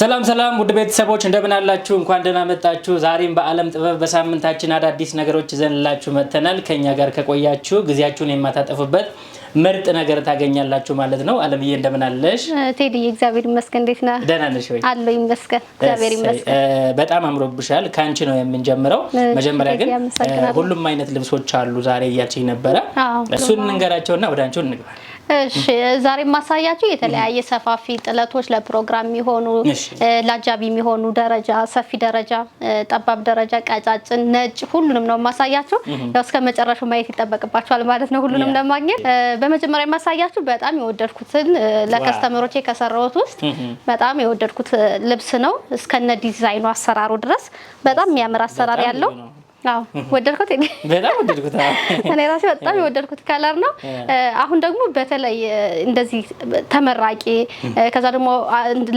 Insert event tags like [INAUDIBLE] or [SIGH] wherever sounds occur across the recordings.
ሰላም ሰላም ውድ ቤተሰቦች እንደምን አላችሁ? እንኳን ደህና መጣችሁ። ዛሬም በዓለም ጥበብ በሳምንታችን አዳዲስ ነገሮች ይዘንላችሁ መጥተናል። ከኛ ጋር ከቆያችሁ ጊዜያችሁን የማታጠፉበት ምርጥ ነገር ታገኛላችሁ ማለት ነው። አለምዬ እንደምን አለሽ? ቴዲ እግዚአብሔር ይመስገን። እንዴት ነህ? ደህና ነሽ ወይ? አለሁ ይመስገን፣ እግዚአብሔር ይመስገን። በጣም አምሮብሻል። ከአንቺ ነው የምንጀምረው። መጀመሪያ ግን ሁሉም አይነት ልብሶች አሉ ዛሬ እያልችኝ ነበረ። እሱን እንንገራቸውና ወደ አንቺው እንግባል እሺ ዛሬ ማሳያችሁ የተለያየ ሰፋፊ ጥለቶች ለፕሮግራም የሚሆኑ ለአጃቢ የሚሆኑ ደረጃ ሰፊ ደረጃ፣ ጠባብ ደረጃ፣ ቀጫጭን፣ ነጭ ሁሉንም ነው ማሳያችሁ። ያው እስከ መጨረሻው ማየት ይጠበቅባችኋል ማለት ነው ሁሉንም ለማግኘት። በመጀመሪያ ማሳያችሁ በጣም የወደድኩትን ለከስተመሮቼ ከሰራሁት ውስጥ በጣም የወደድኩት ልብስ ነው እስከነ ዲዛይኑ አሰራሩ ድረስ በጣም የሚያምር አሰራር ያለው ወደድኩት። በጣም ወደድኩት። እኔ ራሴ በጣም የወደድኩት ከለር ነው። አሁን ደግሞ በተለይ እንደዚህ ተመራቂ ከዛ ደግሞ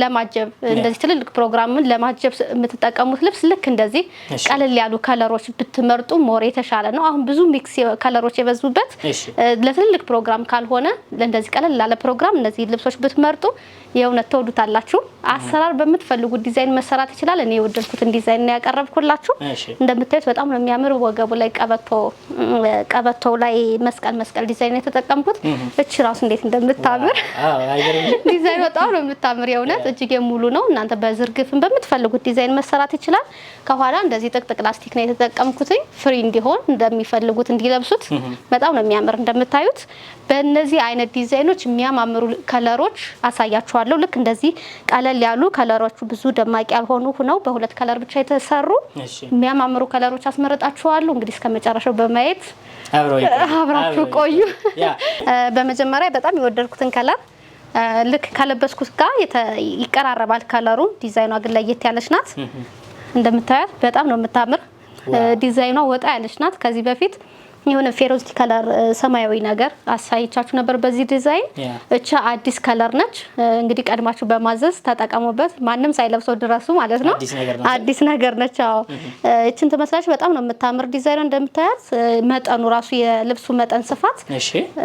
ለማጀብ እንደዚህ ትልልቅ ፕሮግራምን ለማጀብ የምትጠቀሙት ልብስ ልክ እንደዚህ ቀለል ያሉ ከለሮች ብትመርጡ ሞር የተሻለ ነው። አሁን ብዙ ሚክስ ከለሮች የበዙበት ለትልልቅ ፕሮግራም ካልሆነ እንደዚህ ቀለል ላለ ፕሮግራም እነዚህ ልብሶች ብትመርጡ የእውነት ተወዱታላችሁ። አሰራር በምትፈልጉት ዲዛይን መሰራት ይችላል። እኔ የወደድኩትን ዲዛይን ነው ያቀረብኩላችሁ። እንደምታዩት በጣም ነው ነው የሚያምር። ወገቡ ላይ ቀበቶ ቀበቶው ላይ መስቀል መስቀል ዲዛይን የተጠቀምኩት። እቺ ራሱ እንዴት እንደምታምር [LAUGHS] ዲዛይን በጣም ነው የምታምር። የእውነት እጅጌ ሙሉ ነው። እናንተ በዝርግፍን በምትፈልጉት ዲዛይን መሰራት ይችላል። ከኋላ እንደዚህ ጥቅጥቅ ላስቲክ ነው የተጠቀምኩትኝ ፍሪ እንዲሆን እንደሚፈልጉት እንዲለብሱት። በጣም ነው የሚያምር እንደምታዩት። በእነዚህ አይነት ዲዛይኖች የሚያማምሩ ከለሮች አሳያችኋለሁ። ልክ እንደዚህ ቀለል ያሉ ከለሮቹ ብዙ ደማቅ ያልሆኑ ሁነው በሁለት ከለር ብቻ የተሰሩ የሚያማምሩ ከለሮች አስመ መረጣችኋሉ። እንግዲህ እስከ መጨረሻው በማየት [LAUGHS] አብራችሁ ቆዩ። [LAUGHS] በመጀመሪያ በጣም የወደድኩትን ከለር ልክ ከለበስኩት ጋር ይቀራረባል ከለሩ። ዲዛይኗ ግን ለየት ያለች ናት። እንደምታያት በጣም ነው የምታምር። ዲዛይኗ ወጣ ያለች ናት ከዚህ በፊት የሆነ ፌሮስቲ ከለር ሰማያዊ ነገር አሳይቻችሁ ነበር በዚህ ዲዛይን። እቻ አዲስ ከለር ነች። እንግዲህ ቀድማችሁ በማዘዝ ተጠቀሙበት። ማንም ሳይለብሰው ድረሱ ማለት ነው። አዲስ ነገር ነች። አዎ mm-hmm. እቺን ትመስላለች። በጣም ነው የምታምር ዲዛይን እንደምታያት። መጠኑ ራሱ የልብሱ መጠን ስፋት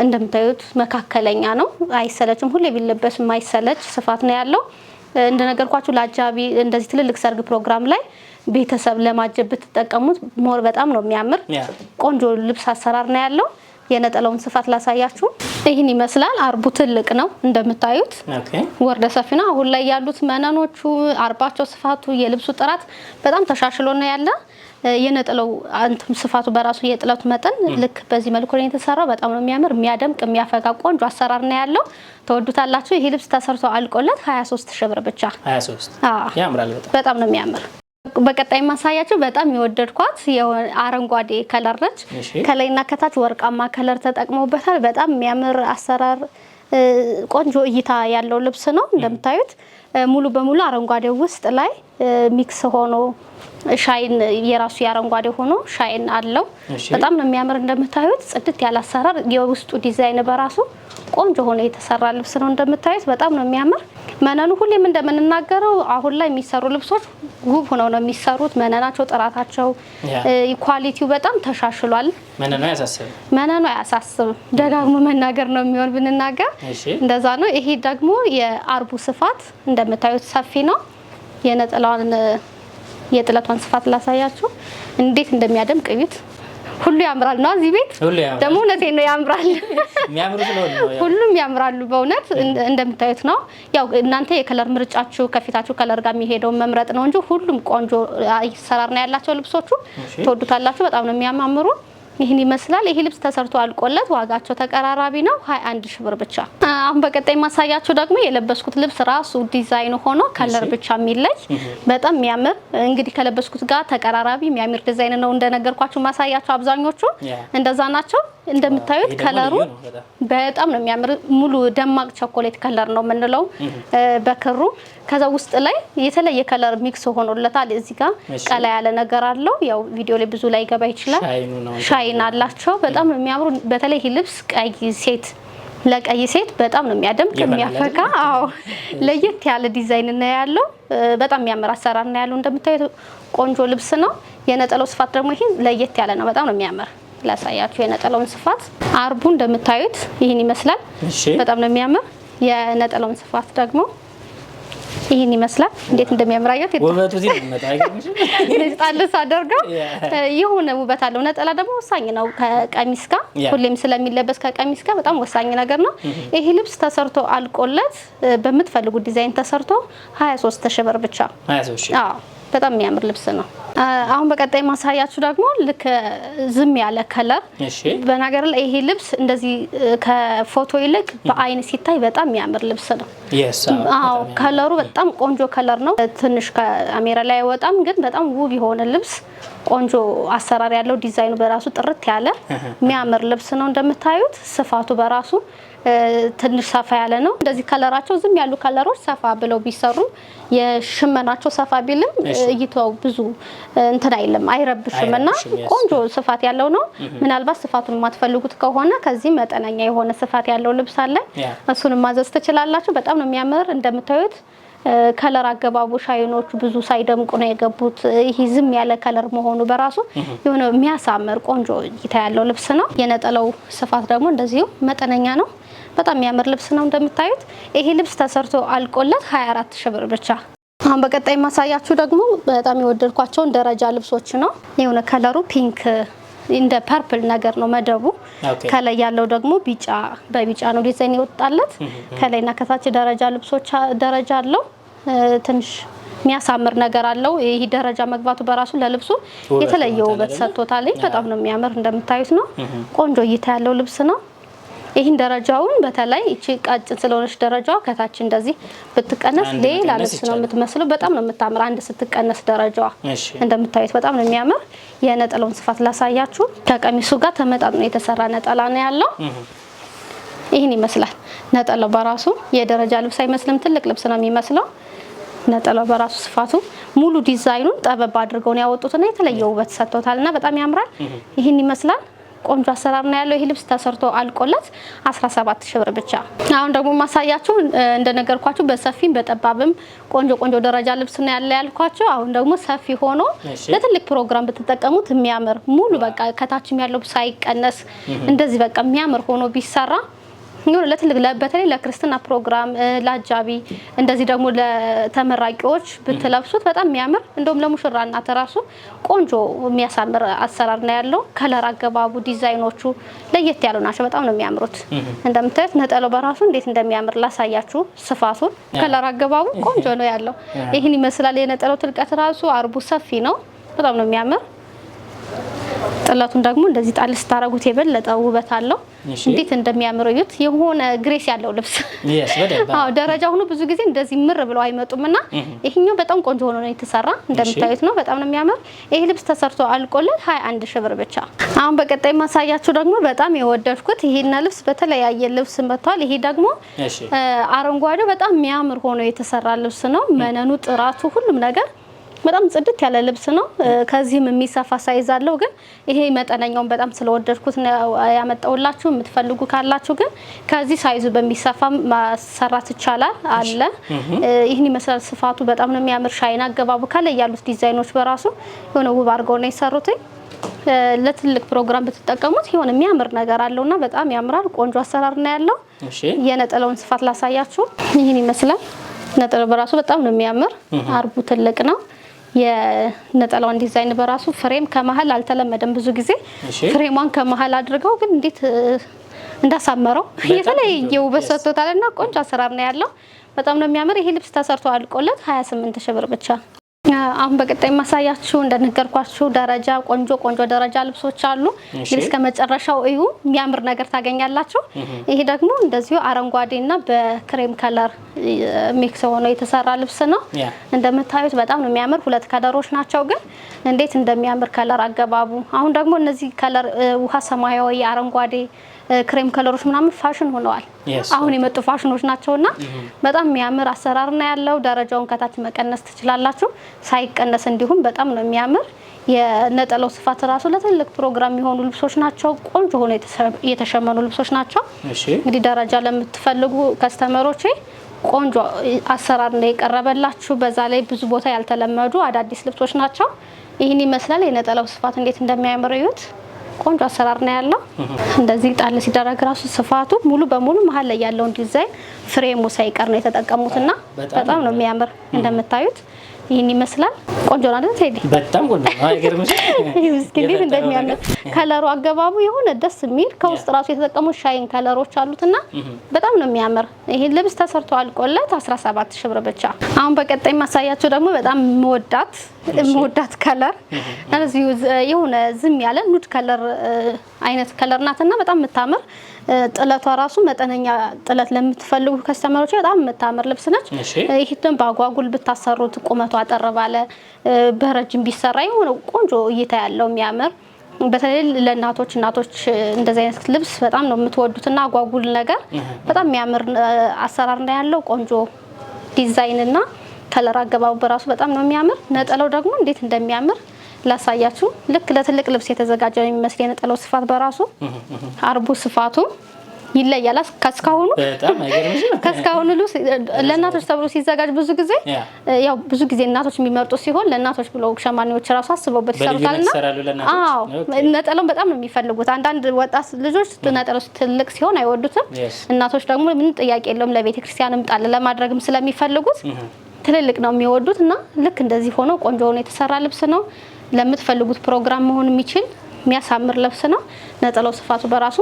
እንደምታዩት መካከለኛ ነው። አይሰለችም። ሁሌ ቢለበስ የማይሰለች ስፋት ነው ያለው። እንደነገርኳችሁ ለአጃቢ እንደዚህ ትልልቅ ሰርግ ፕሮግራም ላይ ቤተሰብ ለማጀብ ብትጠቀሙት ሞር በጣም ነው የሚያምር። ቆንጆ ልብስ አሰራር ነው ያለው። የነጠላውን ስፋት ላሳያችሁ፣ ይህን ይመስላል። አርቡ ትልቅ ነው እንደምታዩት፣ ወርደ ሰፊ ነው። አሁን ላይ ያሉት መነኖቹ፣ አርባቸው፣ ስፋቱ፣ የልብሱ ጥራት በጣም ተሻሽሎ ነው ያለ የነጥለው አንትም ስፋቱ በራሱ የጥለቱ መጠን ልክ በዚህ መልኩ ነው የተሰራው። በጣም ነው የሚያምር፣ የሚያደምቅ፣ የሚያፈጋ ቆንጆ አሰራር ነው ያለው። ተወዱታላችሁ። ይሄ ልብስ ተሰርቶ አልቆለት 23 ሺህ ብር ብቻ። 23 ያምራል። በጣም ነው የሚያምር። በቀጣይ ማሳያቸው በጣም የወደድኳት አረንጓዴ ከለር ነች። ከላይና ከታች ወርቃማ ከለር ተጠቅመውበታል። በጣም የሚያምር አሰራር ቆንጆ እይታ ያለው ልብስ ነው። እንደምታዩት ሙሉ በሙሉ አረንጓዴው ውስጥ ላይ ሚክስ ሆኖ ሻይን የራሱ የአረንጓዴ ሆኖ ሻይን አለው። በጣም ነው የሚያምር እንደምታዩት፣ ጽድት ያለ አሰራር፣ የውስጡ ዲዛይን በራሱ ቆንጆ ሆኖ የተሰራ ልብስ ነው። እንደምታዩት በጣም ነው የሚያምር። መነኑ ሁሌም እንደምንናገረው አሁን ላይ የሚሰሩ ልብሶች ውብ ሆነው ነው የሚሰሩት። መነናቸው፣ ጥራታቸው፣ ኳሊቲው በጣም ተሻሽሏል። መነኑ አያሳስብም፣ መነኑ አያሳስብም። ደጋግሞ መናገር ነው የሚሆን ብንናገር እንደዛ ነው። ይሄ ደግሞ የአርቡ ስፋት እንደምታዩት ሰፊ ነው። የነጠላዋን የጥለቷን ስፋት ላሳያችሁ እንዴት እንደሚያደምቅ ቤት ሁሉ ያምራል ነው። እዚህ ቤት ደግሞ እውነቴን ነው ያምራል፣ [LAUGHS] ሁሉም ያምራሉ። በእውነት እንደምታዩት ነው። ያው እናንተ የከለር ምርጫችሁ ከፊታችሁ ከለር ጋር የሚሄደው መምረጥ ነው እንጂ ሁሉም ቆንጆ አሰራር ነው ያላቸው። ልብሶቹ ትወዱታላችሁ። በጣም ነው የሚያማምሩ። ይህን ይመስላል። ይሄ ልብስ ተሰርቶ አልቆለት ዋጋቸው ተቀራራቢ ነው፣ 21 ሺህ ብር ብቻ። አሁን በቀጣይ ማሳያቸው ደግሞ የለበስኩት ልብስ ራሱ ዲዛይን ሆኖ ከለር ብቻ የሚለይ በጣም የሚያምር እንግዲህ ከለበስኩት ጋር ተቀራራቢ የሚያምር ዲዛይን ነው። እንደነገርኳችሁ ማሳያቸው አብዛኞቹ እንደዛ ናቸው። እንደምታዩት ከለሩ በጣም ነው የሚያምር። ሙሉ ደማቅ ቸኮሌት ከለር ነው የምንለው በክሩ። ከዛ ውስጥ ላይ የተለየ ከለር ሚክስ ሆኖለታል። እዚህ ጋር ቀላ ያለ ነገር አለው። ያው ቪዲዮ ላይ ብዙ ላይ ገባ ይችላል። ሻይን አላቸው። በጣም ነው የሚያምሩ። በተለይ ይህ ልብስ ቀይ ሴት ለቀይ ሴት በጣም ነው የሚያደምቅ የሚያፈካ። አዎ ለየት ያለ ዲዛይን ነው ያለው። በጣም የሚያምር አሰራር ነው ያለው። እንደምታዩት ቆንጆ ልብስ ነው። የነጠለው ስፋት ደግሞ ይህ ለየት ያለ ነው። በጣም ነው የሚያምር ላሳያችሁ የነጠላውን ስፋት። አርቡ እንደምታዩት ይህን ይመስላል። በጣም ነው የሚያምር። የነጠላውን ስፋት ደግሞ ይህን ይመስላል። እንዴት እንደሚያምራየት ጣል ሳደርገው የሆነ ውበት አለው። ነጠላ ደግሞ ወሳኝ ነው ከቀሚስ ጋር ሁሌም ስለሚለበስ ከቀሚስ ጋር በጣም ወሳኝ ነገር ነው። ይሄ ልብስ ተሰርቶ አልቆለት በምትፈልጉት ዲዛይን ተሰርቶ 23 ሺህ ብር ብቻ። በጣም የሚያምር ልብስ ነው። አሁን በቀጣይ ማሳያችሁ ደግሞ ልክ ዝም ያለ ከለር። በነገር ላይ ይሄ ልብስ እንደዚህ ከፎቶ ይልቅ በአይን ሲታይ በጣም የሚያምር ልብስ ነው። አዎ ከለሩ በጣም ቆንጆ ከለር ነው። ትንሽ ከአሜራ ላይ አይወጣም፣ ግን በጣም ውብ የሆነ ልብስ ቆንጆ አሰራር ያለው ዲዛይኑ በራሱ ጥርት ያለ የሚያምር ልብስ ነው። እንደምታዩት ስፋቱ በራሱ ትንሽ ሰፋ ያለ ነው። እንደዚህ ከለራቸው ዝም ያሉ ከለሮች ሰፋ ብለው ቢሰሩ የሽመናቸው ሰፋ ቢልም እይታው ብዙ እንትን አይልም አይረብሽም፣ እና ቆንጆ ስፋት ያለው ነው። ምናልባት ስፋቱን የማትፈልጉት ከሆነ ከዚህ መጠነኛ የሆነ ስፋት ያለው ልብስ አለ። እሱንም ማዘዝ ትችላላችሁ። በጣም ነው የሚያምር እንደምታዩት ከለር አገባቡ ሻይኖቹ ብዙ ሳይደምቁ ነው የገቡት። ይህ ዝም ያለ ከለር መሆኑ በራሱ የሆነ የሚያሳምር ቆንጆ እይታ ያለው ልብስ ነው። የነጠላው ስፋት ደግሞ እንደዚሁ መጠነኛ ነው። በጣም የሚያምር ልብስ ነው። እንደምታዩት ይሄ ልብስ ተሰርቶ አልቆለት 24 ሺህ ብር ብቻ። አሁን በቀጣይ ማሳያችሁ ደግሞ በጣም የወደድኳቸውን ደረጃ ልብሶች ነው። የሆነ ከለሩ ፒንክ እንደ ፐርፕል ነገር ነው መደቡ። ከላይ ያለው ደግሞ ቢጫ በቢጫ ነው ዲዛይን ይወጣለት። ከላይና ከታች ደረጃ ልብሶች ደረጃ አለው። ትንሽ የሚያሳምር ነገር አለው። ይህ ደረጃ መግባቱ በራሱ ለልብሱ የተለየ ውበት ሰጥቶታል። በጣም ነው የሚያምር እንደምታዩት ነው። ቆንጆ እይታ ያለው ልብስ ነው። ይህን ደረጃውን በተለይ እቺ ቀጭን ስለሆነች ደረጃዋ ከታች እንደዚህ ብትቀነስ ሌላ ልብስ ነው የምትመስለው። በጣም ነው የምታምር አንድ ስትቀነስ ደረጃዋ እንደምታዩት በጣም ነው የሚያምር። የነጠላውን ስፋት ላሳያችሁ። ከቀሚሱ ጋር ተመጣጥኖ የተሰራ ነጠላ ነው ያለው። ይህን ይመስላል ነጠላው። በራሱ የደረጃ ልብስ አይመስልም፣ ትልቅ ልብስ ነው የሚመስለው። ነጠላው በራሱ ስፋቱ ሙሉ ዲዛይኑን ጠበብ አድርገውን ያወጡትና የተለየ ውበት ሰጥቶታል እና በጣም ያምራል። ይህን ይመስላል። ቆንጆ አሰራር ነው ያለው። ይህ ልብስ ተሰርቶ አልቆለት 17 ሺህ ብር ብቻ። አሁን ደግሞ ማሳያችሁ እንደነገርኳችሁ በሰፊም በጠባብም ቆንጆ ቆንጆ ደረጃ ልብስ ነው ያለ ያልኳችሁ። አሁን ደግሞ ሰፊ ሆኖ ለትልቅ ፕሮግራም ብትጠቀሙት የሚያምር ሙሉ በቃ ከታችም ያለው ሳይቀነስ እንደዚህ በቃ የሚያምር ሆኖ ቢሰራ ይሁን ለትልቅ በተለይ ለክርስትና ፕሮግራም ለአጃቢ እንደዚህ ደግሞ ለተመራቂዎች ብትለብሱት በጣም የሚያምር እንደውም ለሙሽራ እናት ራሱ ቆንጆ የሚያሳምር አሰራር ነው ያለው። ከለር አገባቡ፣ ዲዛይኖቹ ለየት ያሉ ናቸው። በጣም ነው የሚያምሩት። እንደምታዩት ነጠለው በራሱ እንዴት እንደሚያምር ላሳያችሁ። ስፋቱን፣ ከለር አገባቡ ቆንጆ ነው ያለው። ይህን ይመስላል የነጠለው ትልቀት ራሱ አርቡ ሰፊ ነው። በጣም ነው የሚያምር ጥለቱን ደግሞ እንደዚህ ጣል ስታረጉት የበለጠ ውበት አለው። እንዴት እንደሚያምር እዩት። የሆነ ግሬስ ያለው ልብስ አዎ፣ ደረጃ ሆኖ ብዙ ጊዜ እንደዚህ ምር ብለው አይመጡምና ይሄኛው በጣም ቆንጆ ሆኖ ነው የተሰራ። እንደምታዩት ነው፣ በጣም ነው የሚያምር። ይሄ ልብስ ተሰርቶ አልቆለት 21 ሺህ ብር ብቻ። አሁን በቀጣይ ማሳያችሁ ደግሞ በጣም የወደድኩት ይሄና ልብስ በተለያየ ልብስ መጥቷል። ይሄ ደግሞ አረንጓዴው በጣም የሚያምር ሆኖ የተሰራ ልብስ ነው። መነኑ፣ ጥራቱ፣ ሁሉም ነገር በጣም ጽድት ያለ ልብስ ነው። ከዚህም የሚሰፋ ሳይዝ አለው፣ ግን ይሄ መጠነኛውን በጣም ስለወደድኩት ያመጣውላችሁ። የምትፈልጉ ካላችሁ ግን ከዚህ ሳይዙ በሚሰፋ ማሰራት ይቻላል አለ። ይህን ይመስላል። ስፋቱ በጣም ነው የሚያምር። ሻይን አገባቡ ካለ ያሉት ዲዛይኖች በራሱ የሆነ ውብ አድርገው ነው የሰሩትኝ ለትልቅ ፕሮግራም ብትጠቀሙት የሆነ የሚያምር ነገር አለውና በጣም ያምራል። ቆንጆ አሰራር ነው ያለው። የነጠለውን ስፋት ላሳያችሁ። ይህን ይመስላል። ነጠላው በራሱ በጣም ነው የሚያምር። አርቡ ትልቅ ነው። የነጠላውን ዲዛይን በራሱ ፍሬም ከመሀል አልተለመደም። ብዙ ጊዜ ፍሬሟን ከመሀል አድርገው ግን እንዴት እንዳሳመረው የተለየ ውበት ና ቆንጆ አሰራር ነው ያለው። በጣም ነው የሚያምር። ይሄ ልብስ ተሰርቶ አልቆለት 28 ሺህ ብር ብቻ አሁን በቀጣይ ማሳያችሁ እንደነገርኳችሁ ደረጃ ቆንጆ ቆንጆ ደረጃ ልብሶች አሉ። እንግዲህ እስከ መጨረሻው እዩ፣ የሚያምር ነገር ታገኛላችሁ። ይሄ ደግሞ እንደዚሁ አረንጓዴና በክሬም ከለር ሚክስ ሆኖ የተሰራ ልብስ ነው። እንደምታዩት በጣም ነው የሚያምር። ሁለት ከለሮች ናቸው፣ ግን እንዴት እንደሚያምር ከለር አገባቡ። አሁን ደግሞ እነዚህ ከለር ውሃ ሰማያዊ፣ አረንጓዴ ክሬም ከለሮች ምናምን ፋሽን ሆነዋል። አሁን የመጡ ፋሽኖች ናቸውና በጣም የሚያምር አሰራር ነው ያለው። ደረጃውን ከታች መቀነስ ትችላላችሁ ሳይቀነስ። እንዲሁም በጣም ነው የሚያምር የነጠላው ስፋት ራሱ ለትልቅ ፕሮግራም የሆኑ ልብሶች ናቸው። ቆንጆ ሆኖ የተሸመኑ ልብሶች ናቸው። እንግዲህ ደረጃ ለምትፈልጉ ከስተመሮቼ ቆንጆ አሰራር ነው የቀረበላችሁ። በዛ ላይ ብዙ ቦታ ያልተለመዱ አዳዲስ ልብሶች ናቸው። ይህን ይመስላል። የነጠላው ስፋት እንዴት እንደሚያምር እዩት። ቆንጆ አሰራር ነው ያለው። እንደዚህ ጣል ሲደረግ ራሱ ስፋቱ ሙሉ በሙሉ መሀል ላይ ያለውን ዲዛይን ፍሬሙ ሳይቀር ነው የተጠቀሙትና በጣም ነው የሚያምር እንደምታዩት ይህን ይመስላል። ቆንጆ ነው አይደል ቴዲ? በጣም ቆንጆ ነው። እንዴት እንደሚያምር ከለሩ፣ አገባቡ የሆነ ደስ የሚል ከውስጥ ራሱ የተጠቀሙ ሻይን ከለሮች አሉትና በጣም ነው የሚያምር። ይሄ ልብስ ተሰርቶ አልቆለት 17 ሺህ ብር ብቻ። አሁን በቀጣይ ማሳያቸው ደግሞ በጣም መወዳት መወዳት ከለር እነዚህ የሆነ ዝም ያለ ኑድ ከለር አይነት ከለር ናትና በጣም የምታምር ጥለቷ ራሱ መጠነኛ ጥለት ለምትፈልጉ ከስተመሮች በጣም የምታምር ልብስ ነች። ይህትን በአጓጉል ብታሰሩት ቁመቱ አጠር ባለ በረጅም ቢሰራ የሆነ ቆንጆ እይታ ያለው የሚያምር በተለይ ለእናቶች እናቶች እንደዚህ አይነት ልብስ በጣም ነው የምትወዱትና አጓጉል ነገር በጣም የሚያምር አሰራር ነው ያለው ቆንጆ ዲዛይንና ከለር አገባቡ በራሱ በጣም ነው የሚያምር። ነጠላው ደግሞ እንዴት እንደሚያምር ላሳያችሁ። ልክ ለትልቅ ልብስ የተዘጋጀ የሚመስል የነጠላው ስፋት በራሱ አርቡ ስፋቱ ይለያል። ከስካሁኑ ከስካሁኑ ልብስ ለእናቶች ተብሎ ሲዘጋጅ ብዙ ጊዜ ያው ብዙ ጊዜ እናቶች የሚመርጡ ሲሆን ለእናቶች ብሎ ሸማኔዎች ራሱ አስበውበት ይሰሩታልና፣ አዎ ነጠለውን በጣም ነው የሚፈልጉት። አንዳንድ ወጣት ልጆች ነጠላው ትልቅ ሲሆን አይወዱትም። እናቶች ደግሞ ምን ጥያቄ የለውም ለቤተ ክርስቲያንም ጣል ለማድረግም ስለሚፈልጉት ትልልቅ ነው የሚወዱት እና ልክ እንደዚህ ሆኖ ቆንጆ ሆኖ የተሰራ ልብስ ነው። ለምትፈልጉት ፕሮግራም መሆን የሚችል የሚያሳምር ልብስ ነው። ነጠላው ስፋቱ በራሱ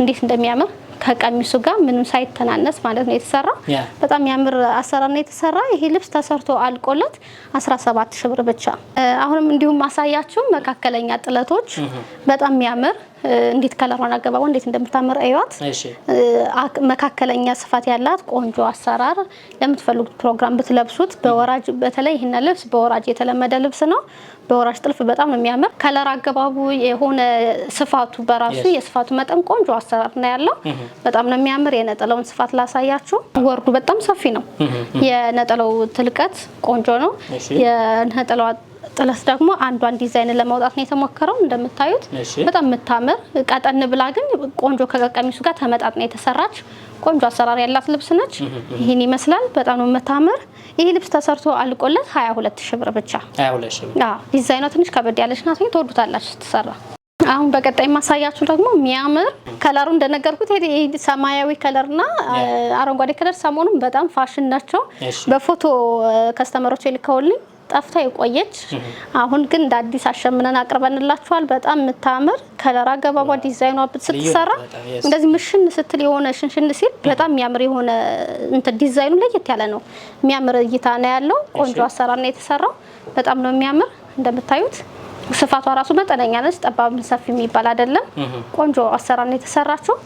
እንዴት እንደሚያምር ከቀሚሱ ጋር ምንም ሳይተናነስ ማለት ነው የተሰራ በጣም ያምር አሰራር ነው የተሰራ። ይሄ ልብስ ተሰርቶ አልቆለት 17 ሺ ብር ብቻ። አሁንም እንዲሁም ማሳያችሁ መካከለኛ ጥለቶች በጣም ያምር እንዴት ከለሯን አገባቧ እንዴት እንደምታምር እዩዋት። መካከለኛ ስፋት ያላት ቆንጆ አሰራር ለምትፈልጉት ፕሮግራም ብትለብሱት፣ በወራጅ በተለይ ይህን ልብስ በወራጅ የተለመደ ልብስ ነው። በወራጅ ጥልፍ በጣም የሚያምር ከለር አገባቡ የሆነ ስፋቱ በራሱ የስፋቱ መጠን ቆንጆ አሰራር ነው ያለው። በጣም ነው የሚያምር። የነጠላውን ስፋት ላሳያችሁ። ወርዱ በጣም ሰፊ ነው። የነጠላው ትልቀት ቆንጆ ነው። የነጠለው ጥለስ ደግሞ አንዷን ዲዛይን ለማውጣት ነው የተሞከረው። እንደምታዩት በጣም የምታምር ቀጠን ብላ ግን ቆንጆ ከቀሚሱ ጋር ተመጣጥና የተሰራች ቆንጆ አሰራር ያላት ልብስ ነች። ይህን ይመስላል። በጣም ነው የምታምር። ይህ ልብስ ተሰርቶ አልቆለት 22 ሺህ ብር ብቻ። ዲዛይኗ ትንሽ ከበድ ያለች ናት። ተወዱታላችሁ ስትሰራ። አሁን በቀጣይ ማሳያችሁ ደግሞ የሚያምር ከለሩ እንደነገርኩት ሰማያዊ ከለርና አረንጓዴ ከለር ሰሞኑን በጣም ፋሽን ናቸው። በፎቶ ከስተመሮች ይልከውልኝ ጠፍታ የቆየች አሁን ግን እንደ አዲስ አሸምነን አቅርበንላችኋል። በጣም የምታምር ከለር አገባቧ ዲዛይኗ ስትሰራ እንደዚህ ምሽን ስትል የሆነ ሽንሽን ሲል [CLEARS THROAT] በጣም የሚያምር የሆነ እንትን ዲዛይኑ ለየት ያለ ነው። የሚያምር እይታ ነው ያለው። ቆንጆ አሰራር ነው የተሰራው። በጣም ነው የሚያምር እንደምታዩት ስፋቷ ራሱ መጠነኛ ነች። ጠባብ ሰፊ የሚባል አይደለም። ቆንጆ አሰራር ነው የተሰራችው።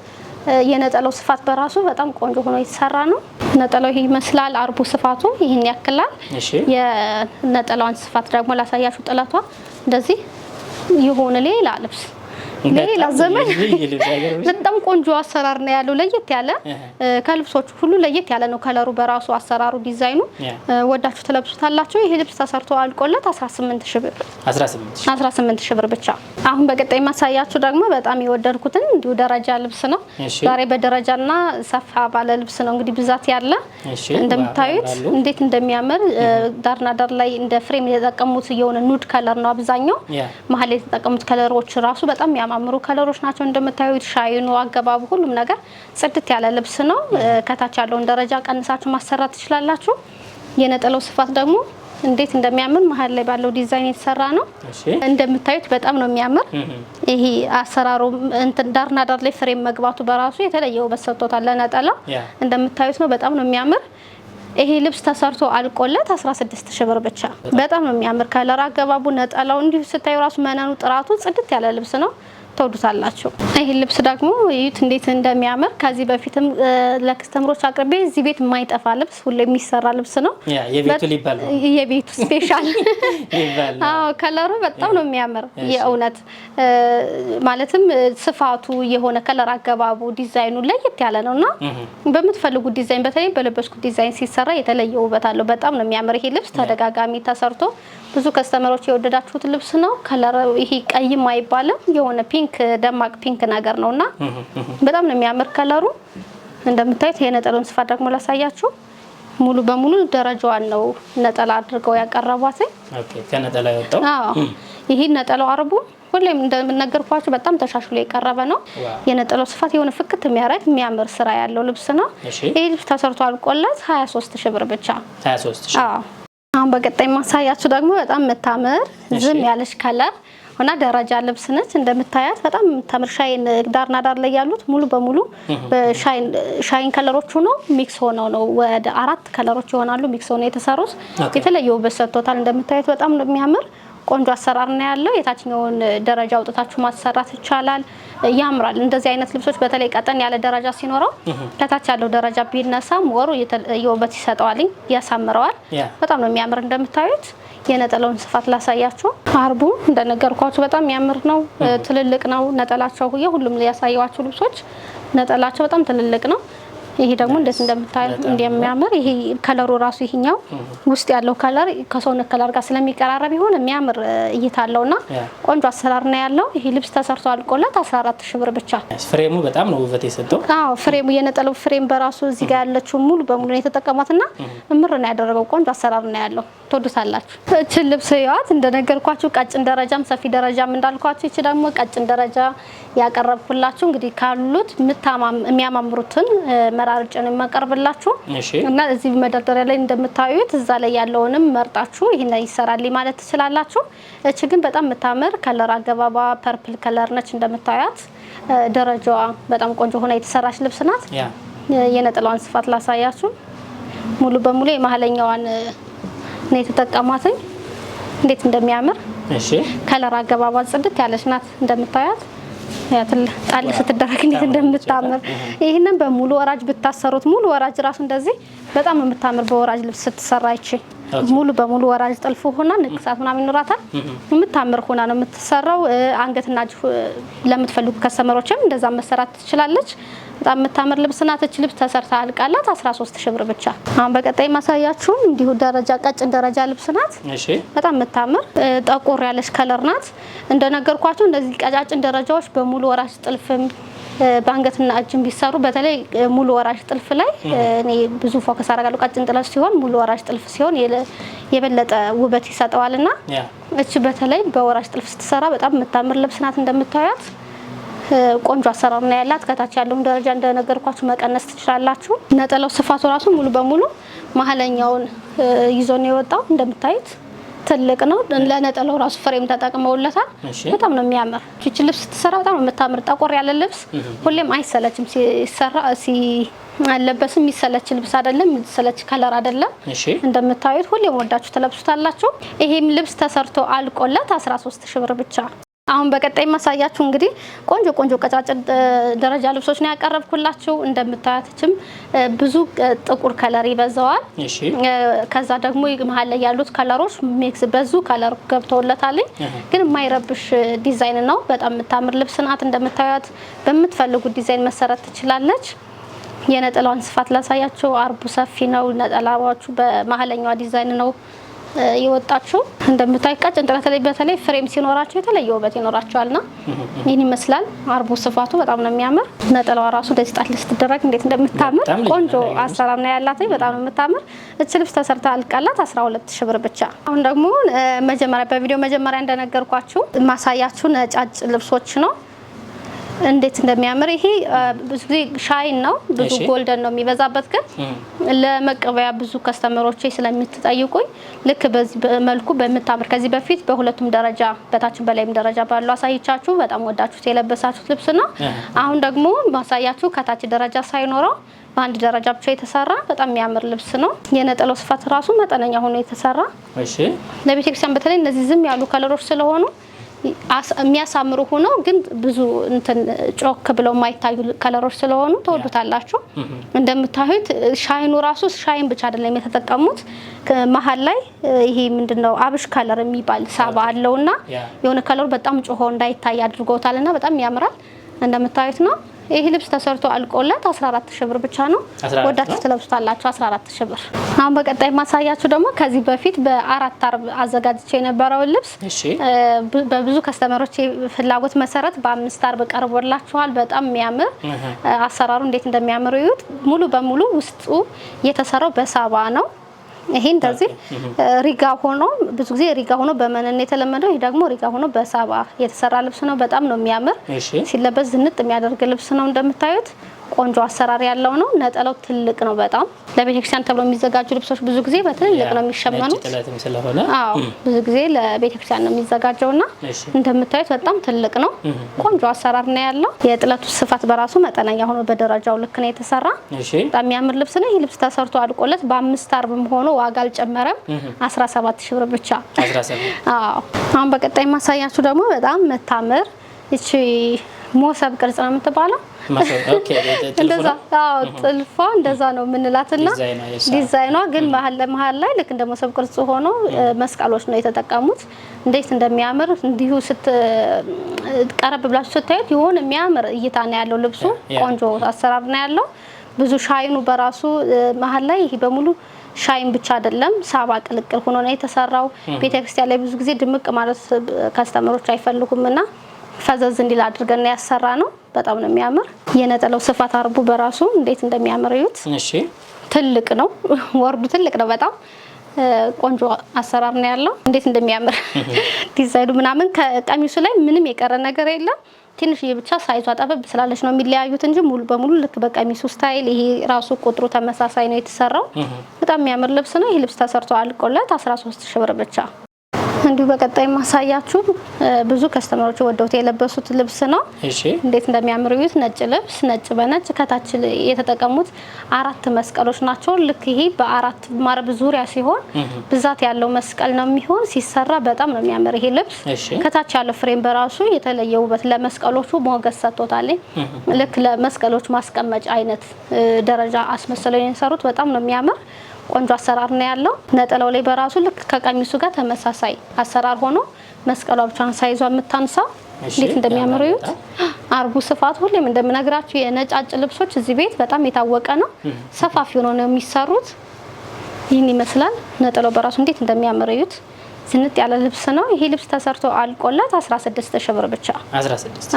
የነጠላው ስፋት በራሱ በጣም ቆንጆ ሆኖ የተሰራ ነው። ነጠላው ይህ ይመስላል። አርቡ ስፋቱ ይህን ያክላል። የነጠላዋን ስፋት ደግሞ ላሳያችሁ። ጥለቷ እንደዚህ የሆነ ሌላ ልብስ ሌላ ዘመን [LAUGHS] በጣም ቆንጆ አሰራር ነው ያለው። ለየት ያለ ከልብሶቹ ሁሉ ለየት ያለ ነው። ከለሩ በራሱ አሰራሩ፣ ዲዛይኑ ወዳችሁ ትለብሱታላችሁ። ይሄ ልብስ ተሰርቶ አልቆለት 18 ሺህ ብር 18 ሺህ ብር ብቻ። አሁን በቀጣይ ማሳያችሁ ደግሞ በጣም የወደድኩትን እንዲሁ ደረጃ ልብስ ነው። ዛሬ በደረጃና ሰፋ ባለ ልብስ ነው እንግዲህ ብዛት ያለ እንደምታዩት እንዴት እንደሚያምር ዳርና ዳር ላይ እንደ ፍሬም የተጠቀሙት የሆነ ኑድ ከለር ነው አብዛኛው። መሀል የተጠቀሙት ከለሮች ራሱ በጣም የሚያማምሩ ከለሮች ናቸው። እንደምታዩት ሻይኑ፣ አገባቡ፣ ሁሉም ነገር ጽድት ያለ ልብስ ነው። ከታች ያለውን ደረጃ ቀንሳችሁ ማሰራት ትችላላችሁ። የነጠለው ስፋት ደግሞ እንዴት እንደሚያምር መሀል ላይ ባለው ዲዛይን የተሰራ ነው። እንደምታዩት በጣም ነው የሚያምር። ይሄ አሰራሩ ዳርና ዳር ላይ ፍሬም መግባቱ በራሱ የተለየ ውበት ሰጥቶታል። ለነጠላ እንደምታዩት ነው። በጣም ነው የሚያምር። ይሄ ልብስ ተሰርቶ አልቆለት 16 ሺ ብር ብቻ። በጣም ነው የሚያምር ከለር አገባቡ፣ ነጠላው እንዲሁ ስታዩ ራሱ መነኑ፣ ጥራቱ ጽድት ያለ ልብስ ነው። ተወዱታላችሁ። ይህ ልብስ ደግሞ እዩት እንዴት እንደሚያምር። ከዚህ በፊትም ለክስተምሮች አቅርቤ እዚህ ቤት የማይጠፋ ልብስ፣ ሁሌ የሚሰራ ልብስ ነው። የቤቱ ስፔሻል። [LAUGHS] ከለሩ በጣም ነው የሚያምር የእውነት ማለትም ስፋቱ የሆነ ከለር አገባቡ ዲዛይኑ ለየት ያለ ነው እና በምትፈልጉት ዲዛይን በተለይ በለበስኩት ዲዛይን ሲሰራ የተለየ ውበት አለው። በጣም ነው የሚያምር ይሄ ልብስ ተደጋጋሚ ተሰርቶ ብዙ ከስተመሮች የወደዳችሁት ልብስ ነው። ከለር ይሄ ቀይም አይባልም የሆነ ፒንክ ፒንክ ደማቅ ፒንክ ነገር ነው እና በጣም ነው የሚያምር ከለሩ። እንደምታዩት የነጠላውን ስፋት ደግሞ ላሳያችሁ። ሙሉ በሙሉ ደረጃዋን ነው ነጠላ አድርገው ያቀረቧት። ከነጠላ ያወጣው ነጠላው አርቡ ሁሌም እንደምነገርኳችሁ በጣም ተሻሽሎ የቀረበ ነው። የነጠላው ስፋት የሆነ ፍክት የሚያደርግ የሚያምር ስራ ያለው ልብስ ነው። ይህ ልብስ ተሰርቶ አልቆለት 23 ሺ ብር ብቻ። አሁን በቀጣይ ማሳያችሁ ደግሞ በጣም የምታምር ዝም ያለች ከለር እና ደረጃ ልብስ ነች። እንደምታያት በጣም ተምር ሻይን ዳርና ዳር ላይ ያሉት ሙሉ በሙሉ ሻይን ከለሮች ሆነው ሚክስ ሆነው ነው ወደ አራት ከለሮች ይሆናሉ ሚክስ ሆነው የተሰሩት። የተለየ ውበት ሰጥቶታል። እንደምታዩት በጣም ነው የሚያምር ቆንጆ አሰራር ነው ያለው። የታችኛውን ደረጃ አውጥታችሁ ማሰራት ይቻላል። ያምራል። እንደዚህ አይነት ልብሶች በተለይ ቀጠን ያለ ደረጃ ሲኖረው ከታች ያለው ደረጃ ቢነሳም ወሩ የውበት ይሰጠዋልኝ ያሳምረዋል። በጣም ነው የሚያምር እንደምታዩት የነጠላውን ስፋት ላሳያችሁ። አርቡ እንደነገርኳችሁ በጣም የሚያምር ነው፣ ትልልቅ ነው ነጠላቸው። የሁሉም ያሳየዋችሁ ልብሶች ነጠላቸው በጣም ትልልቅ ነው። ይሄ ደግሞ እንደዚህ እንደምታዩት እንደሚያምር ይሄ ከለሩ ራሱ ይሄኛው mm-hmm. ውስጥ ያለው ከለር ከሰውነት ከለር ጋር ስለሚቀራረብ ይሆን የሚያምር እይታ አለውና ቆንጆ አሰራር ነው ያለው። ይሄ ልብስ ተሰርቶ አልቆለት 14 ሺህ ብር ብቻ። ፍሬሙ በጣም ነው ውበት የሰጠው። አዎ ፍሬሙ የነጠለው ፍሬም በራሱ እዚህ ጋር mm-hmm. ያለችው ሙሉ በሙሉ ነው የተጠቀሟትና mm-hmm. እምር ነው ያደረገው። ቆንጆ አሰራር ነው ያለው። ትወዱታላችሁ። እቺ ልብስ ያዋት እንደነገርኳችሁ ቀጭን ደረጃም ሰፊ ደረጃም እንዳልኳችሁ፣ እቺ ደግሞ ቀጭን ደረጃ ያቀረብኩላችሁ እንግዲህ ካሉት የሚያማምሩትን መራርጬ ነው የማቀርብላችሁ እና እዚህ መደርደሪያ ላይ እንደምታዩት እዛ ላይ ያለውንም መርጣችሁ ይሄን ይሰራል ማለት ትችላላችሁ። እች ግን በጣም የምታምር ከለር አገባባ ፐርፕል ከለር ነች እንደምታያት ደረጃዋ በጣም ቆንጆ ሆና የተሰራች ልብስ ናት። የነጠላዋን ስፋት ላሳያችሁ። ሙሉ በሙሉ የመሀለኛዋን ነው የተጠቀሟትኝ። እንዴት እንደሚያምር እሺ። ከለር አገባባ ጽድት ያለች ናት እንደምታያት ጣል ስትደረግ እንዴት እንደምታምር ይህንን በሙሉ ወራጅ ብታሰሩት ሙሉ ወራጅ ራሱ እንደዚህ በጣም የምታምር በወራጅ ልብስ ስትሰራ ይቺ ሙሉ በሙሉ ወራጅ ጥልፍ ሆና ንቅሳት ምናምን ይኖራታል። የምታምር ሆና ነው የምትሰራው። አንገትና ለምትፈልጉ ከሰመሮችም እንደዛ መሰራት ትችላለች። በጣም የምታምር ልብስ ናት። እች ልብስ ተሰርታ አልቃላት 13 ሺህ ብር ብቻ። አሁን በቀጣይ ማሳያችሁም እንዲሁ ደረጃ ቀጭን ደረጃ ልብስ ናት። በጣም የምታምር ጠቆር ያለች ከለር ናት። እንደነገርኳችሁ እንደዚህ ቀጫጭን ደረጃዎች በሙሉ ወራሽ ጥልፍም በአንገትና እጅም ቢሰሩ በተለይ ሙሉ ወራሽ ጥልፍ ላይ እኔ ብዙ ፎከስ አደርጋለሁ። ቀጭን ጥልፍ ሲሆን ሙሉ ወራሽ ጥልፍ ሲሆን የበለጠ ውበት ይሰጠዋልና እች በተለይ በወራሽ ጥልፍ ስትሰራ በጣም የምታምር ልብስ ናት እንደምታዩት ቆንጆ አሰራር ነው ያላት። ከታች ያለውን ደረጃ እንደነገርኳችሁ መቀነስ ትችላላችሁ። ነጠላው ስፋቱ ራሱ ሙሉ በሙሉ መሀለኛውን ይዞ ነው የወጣው። እንደምታዩት ትልቅ ነው። ለነጠላው ራሱ ፍሬም ተጠቅመውለታል። በጣም ነው የሚያምር። ቺች ልብስ ስትሰራ በጣም ነው የምታምር። ጠቆር ያለ ልብስ ሁሌም አይሰለችም ሲሰራ አለበስ የሚሰለች ልብስ አይደለም፣ የሚሰለች ከለር አይደለም። እንደምታዩት ሁሌም ወዳችሁ ትለብሱታላችሁ። ይሄም ልብስ ተሰርቶ አልቆለት 13 ሺህ ብር ብቻ አሁን በቀጣይ ማሳያችሁ እንግዲህ ቆንጆ ቆንጆ ቀጫጭን ደረጃ ልብሶች ነው ያቀረብኩላችሁ። እንደምታያትችም ብዙ ጥቁር ከለር ይበዛዋል። ከዛ ደግሞ መሀል ላይ ያሉት ከለሮች ሚክስ በዙ ከለር ገብተውለታልኝ፣ ግን የማይረብሽ ዲዛይን ነው። በጣም የምታምር ልብስ ናት። እንደምታዩት በምትፈልጉት ዲዛይን መሰረት ትችላለች። የነጠላዋን ስፋት ላሳያቸው። አርቡ ሰፊ ነው። ነጠላዋቹ በመሀለኛዋ ዲዛይን ነው የወጣችው እንደምታይ ቀጭን ጥለት ላይ በተለይ ፍሬም ሲኖራቸው የተለየ ውበት ይኖራቸዋልና ይህን ይመስላል። አርቡ ስፋቱ በጣም ነው የሚያምር። ነጠላዋ ራሱ ደስ ጣል ስትደረግ እንዴት እንደምታምር ቆንጆ አሰራር ነው ያላት። በጣም ነው የምታምር። እች ልብስ ተሰርታ አልቃላት 12 ሺ ብር ብቻ። አሁን ደግሞ መጀመሪያ በቪዲዮ መጀመሪያ እንደነገርኳችሁ ማሳያችሁ ነጫጭ ልብሶች ነው እንዴት እንደሚያምር ይሄ ብዙ ጊዜ ሻይን ነው ብዙ ጎልደን ነው የሚበዛበት። ግን ለመቀበያ ብዙ ከስተመሮቼ ስለምትጠይቁኝ ልክ በዚህ መልኩ በምታምር ከዚህ በፊት በሁለቱም ደረጃ በታችን በላይም ደረጃ ባለው አሳይቻችሁ በጣም ወዳችሁት የለበሳችሁት ልብስ ነው። አሁን ደግሞ ማሳያችሁ ከታች ደረጃ ሳይኖረው በአንድ ደረጃ ብቻ የተሰራ በጣም የሚያምር ልብስ ነው። የነጠላው ስፋት ራሱ መጠነኛ ሆኖ የተሰራ ለቤተክርስቲያን በተለይ እነዚህ ዝም ያሉ ከለሮች ስለሆኑ የሚያሳምሩ ሆኖ ግን ብዙ እንትን ጮክ ብለው የማይታዩ ከለሮች ስለሆኑ ተወዱታላችሁ። እንደምታዩት ሻይኑ ራሱ ሻይን ብቻ አይደለም የተጠቀሙት። መሀል ላይ ይሄ ምንድነው አብሽ ከለር የሚባል ሳባ አለውና የሆነ ከለሩ በጣም ጮሆ እንዳይታይ አድርጎታልና በጣም ያምራል። እንደምታዩት ነው። ይህ ልብስ ተሰርቶ አልቆላት 14 ሺ ብር ብቻ ነው። ወዳችሁ ትለብሱታላችሁ። 14 ሺህ ብር። አሁን በቀጣይ ማሳያችሁ ደግሞ ከዚህ በፊት በአራት አርብ አዘጋጅቼ የነበረውን ልብስ በብዙ ከስተመሮች ፍላጎት መሰረት በአምስት አርብ ቀርቦላችኋል። በጣም የሚያምር አሰራሩ እንዴት እንደሚያምር እዩት። ሙሉ በሙሉ ውስጡ የተሰራው በሳባ ነው። ይሄ እንደዚህ ሪጋ ሆኖ ብዙ ጊዜ ሪጋ ሆኖ በመነን የተለመደው። ይሄ ደግሞ ሪጋ ሆኖ በሳባ የተሰራ ልብስ ነው። በጣም ነው የሚያምር ሲለበስ ዝንጥ የሚያደርግ ልብስ ነው። እንደምታዩት ቆንጆ አሰራር ያለው ነው። ነጠላው ትልቅ ነው በጣም ለቤተክርስቲያን ተብሎ የሚዘጋጁ ልብሶች ብዙ ጊዜ በትልልቅ ነው የሚሸመኑት። አዎ ብዙ ጊዜ ለቤተክርስቲያን ነው የሚዘጋጀውና እንደምታዩት በጣም ትልቅ ነው። ቆንጆ አሰራር ነው ያለው። የጥለቱ ስፋት በራሱ መጠነኛ ሆኖ በደረጃው ልክ ነው የተሰራ። በጣም የሚያምር ልብስ ነው። ይህ ልብስ ተሰርቶ አድቆለት በአምስት አርብም ሆኖ ነው። ዋጋ አልጨመረም። 17 ሺህ ብር ብቻ። አዎ። አሁን በቀጣይ ማሳያችሁ ደግሞ በጣም መታምር እቺ ሞሰብ ቅርጽ ነው የምትባለው። እንደዛ አዎ፣ ጥልፏ እንደዛ ነው የምንላትና ዲዛይኗ ግን መሀል ለመሀል ላይ ልክ እንደ ሞሰብ ቅርጽ ሆኖ መስቀሎች ነው የተጠቀሙት። እንዴት እንደሚያምር እንዲሁ ቀረብ ብላችሁ ስታዩት የሆነ የሚያምር እይታ ነው ያለው። ልብሱ ቆንጆ አሰራር ነው ያለው። ብዙ ሻይኑ በራሱ መሀል ላይ ይሄ በሙሉ ሻይን ብቻ አይደለም ሳባ ቅልቅል ሆኖ ነው የተሰራው። ቤተክርስቲያን ላይ ብዙ ጊዜ ድምቅ ማለት ከስተመሮች አይፈልጉም እና ፈዘዝ እንዲል አድርገን ያሰራ ነው። በጣም ነው የሚያምር። የነጠላው ስፋት አርቡ በራሱ እንዴት እንደሚያምር እዩት። እሺ ትልቅ ነው፣ [LAUGHS] ወርዱ ትልቅ ነው። በጣም ቆንጆ አሰራር ነው ያለው። እንዴት እንደሚያምር [LAUGHS] ዲዛይኑ ምናምን ከቀሚሱ ላይ ምንም የቀረ ነገር የለም። ትንሽዬ ብቻ ሳይዟ ጠበብ ስላለች ነው የሚለያዩት እንጂ ሙሉ በሙሉ ልክ በቀሚሱ ስታይል ይሄ ራሱ ቁጥሩ ተመሳሳይ ነው የተሰራው። በጣም የሚያምር ልብስ ነው። ይህ ልብስ ተሰርቶ አልቆለት 13 ሺህ ብር ብቻ እንዲሁ በቀጣይ ማሳያችሁ ብዙ ከስተመሮች ወደውት የለበሱት ልብስ ነው። እንዴት እንደሚያምር እዩት። ነጭ ልብስ ነጭ በነጭ ከታች የተጠቀሙት አራት መስቀሎች ናቸው። ልክ ይሄ በአራት ማረብ ዙሪያ ሲሆን ብዛት ያለው መስቀል ነው የሚሆን። ሲሰራ በጣም ነው የሚያምር ይሄ ልብስ። ከታች ያለው ፍሬም በራሱ የተለየ ውበት ለመስቀሎቹ ሞገስ ሰጥቶታል። ልክ ለመስቀሎች ማስቀመጫ አይነት ደረጃ አስመስለው የሰሩት በጣም ነው የሚያምር ቆንጆ አሰራር ነው ያለው። ነጠላው ላይ በራሱ ልክ ከቀሚሱ ጋር ተመሳሳይ አሰራር ሆኖ መስቀሏ ብቻን ሳይዟ የምታንሳው እንዴት እንደሚያምሩ ይዩት። አርቡ ስፋት ሁሌም እንደምነግራችሁ የነጫጭ ልብሶች እዚህ ቤት በጣም የታወቀ ነው። ሰፋፊ ሆኖ ነው የሚሰሩት። ይህን ይመስላል። ነጠላው በራሱ እንዴት እንደሚያምር እዩት። ስንጥ ያለ ልብስ ነው። ይሄ ልብስ ተሰርቶ አልቆላት 16 ሺህ ብር ብቻ። 16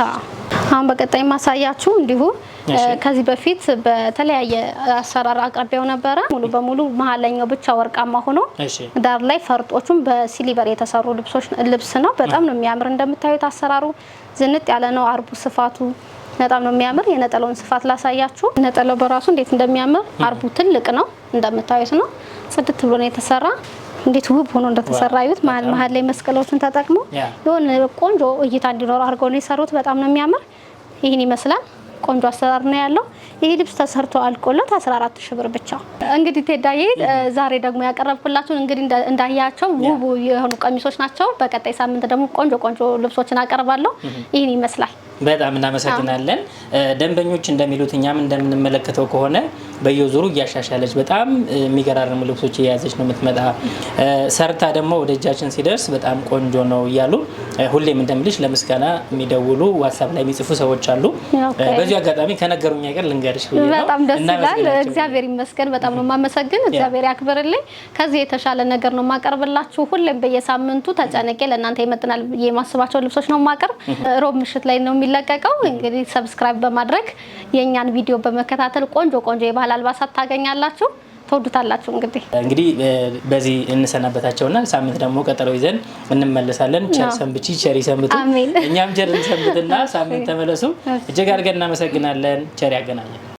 አሁን በቀጣይ ማሳያችሁ እንዲሁ ከዚህ በፊት በተለያየ አሰራር አቅርቤው ነበረ። ሙሉ በሙሉ መሀለኛው ብቻ ወርቃማ ሆኖ ዳር ላይ ፈርጦቹም በሲሊቨር የተሰሩ ልብሶች ልብስ ነው። በጣም ነው የሚያምር። እንደምታዩት አሰራሩ ዝንጥ ያለ ነው። አርቡ ስፋቱ በጣም ነው የሚያምር። የነጠላውን ስፋት ላሳያችሁ። ነጠላው በራሱ እንዴት እንደሚያምር አርቡ ትልቅ ነው እንደምታዩት ነው። ጽድት ብሎ ነው የተሰራ እንዴት ውብ ሆኖ እንደተሰራ እዩት። መሀል መሀል ላይ መስቀሎችን ተጠቅሞ የሆነ ቆንጆ እይታ እንዲኖር አድርገው ነው የሰሩት። በጣም ነው የሚያምር። ይህን ይመስላል። ቆንጆ አሰራር ነው ያለው። ይህ ልብስ ተሰርቶ አልቆለት 14 ሺህ ብር ብቻ። እንግዲህ ቴዳዬ ዛሬ ደግሞ ያቀረብኩላችሁን እንግዲህ እንዳያቸው ውብ የሆኑ ቀሚሶች ናቸው። በቀጣይ ሳምንት ደግሞ ቆንጆ ቆንጆ ልብሶችን አቀርባለሁ። ይህን ይመስላል። በጣም እናመሰግናለን። ደንበኞች እንደሚሉት እኛም እንደምንመለከተው ከሆነ በየዙሩ እያሻሻለች በጣም የሚገራርሙ ልብሶች እየያዘች ነው የምትመጣ። ሰርታ ደግሞ ወደ እጃችን ሲደርስ በጣም ቆንጆ ነው እያሉ ሁሌም እንደምልሽ ለምስጋና የሚደውሉ ዋትሳፕ ላይ የሚጽፉ ሰዎች አሉ። በዚሁ አጋጣሚ ከነገሩኝ አይቀር ልንገርሽ። በጣም ደስ ይላል። እግዚአብሔር ይመስገን። በጣም ነው የማመሰግን። እግዚአብሔር ያክብርልኝ። ከዚህ የተሻለ ነገር ነው የማቀርብላችሁ። ሁሌም በየሳምንቱ ተጨነቄ ለእናንተ ይመጥናል የማስባቸው ልብሶች ነው የማቀርብ። ሮብ ምሽት ላይ ነው የሚለቀቀው እንግዲህ ሰብስክራይብ በማድረግ የእኛን ቪዲዮ በመከታተል ቆንጆ ቆንጆ የባህል አልባሳት ታገኛላችሁ። ተወዱታላችሁ። እንግዲህ እንግዲህ በዚህ እንሰናበታቸውና ሳምንት ደግሞ ቀጠሮ ይዘን እንመለሳለን። ቸር ሰንብቺ፣ ቸር ይሰንብቱ። እኛም ቸር እንሰንብትና ሳምንት ተመለሱ። [LAUGHS] እጅግ አድርገን እናመሰግናለን። ቸር ያገናኛል።